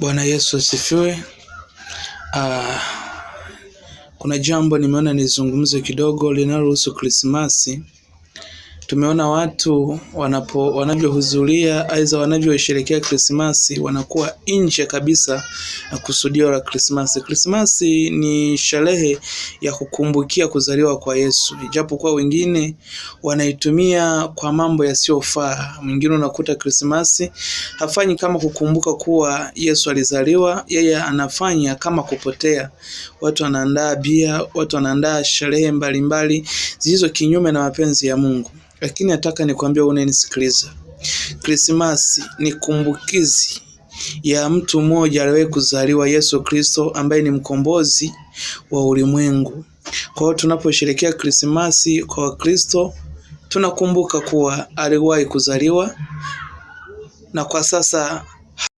Bwana Yesu asifiwe. Uh, kuna jambo nimeona nizungumze kidogo linalohusu Krismasi. Tumeona watu wanapo wanavyohudhuria aidha wanavyosherehekea Krismasi wanakuwa nje kabisa na kusudio la Krismasi. Krismasi ni sherehe ya kukumbukia kuzaliwa kwa Yesu, ijapokuwa wengine wanaitumia kwa mambo yasiyofaa. Mwingine unakuta Krismasi hafanyi kama kukumbuka kuwa Yesu alizaliwa, yeye anafanya kama kupotea. Watu wanaandaa bia, watu wanaandaa sherehe mbalimbali zilizo kinyume na mapenzi ya Mungu, lakini nataka nikwambia unanisikiliza, Krismasi ni kumbukizi ya mtu mmoja aliwahi kuzaliwa, Yesu Kristo, ambaye ni mkombozi wa ulimwengu. Kwa hiyo tunaposherehekea Krismasi kwa Wakristo, tunakumbuka kuwa aliwahi kuzaliwa na kwa sasa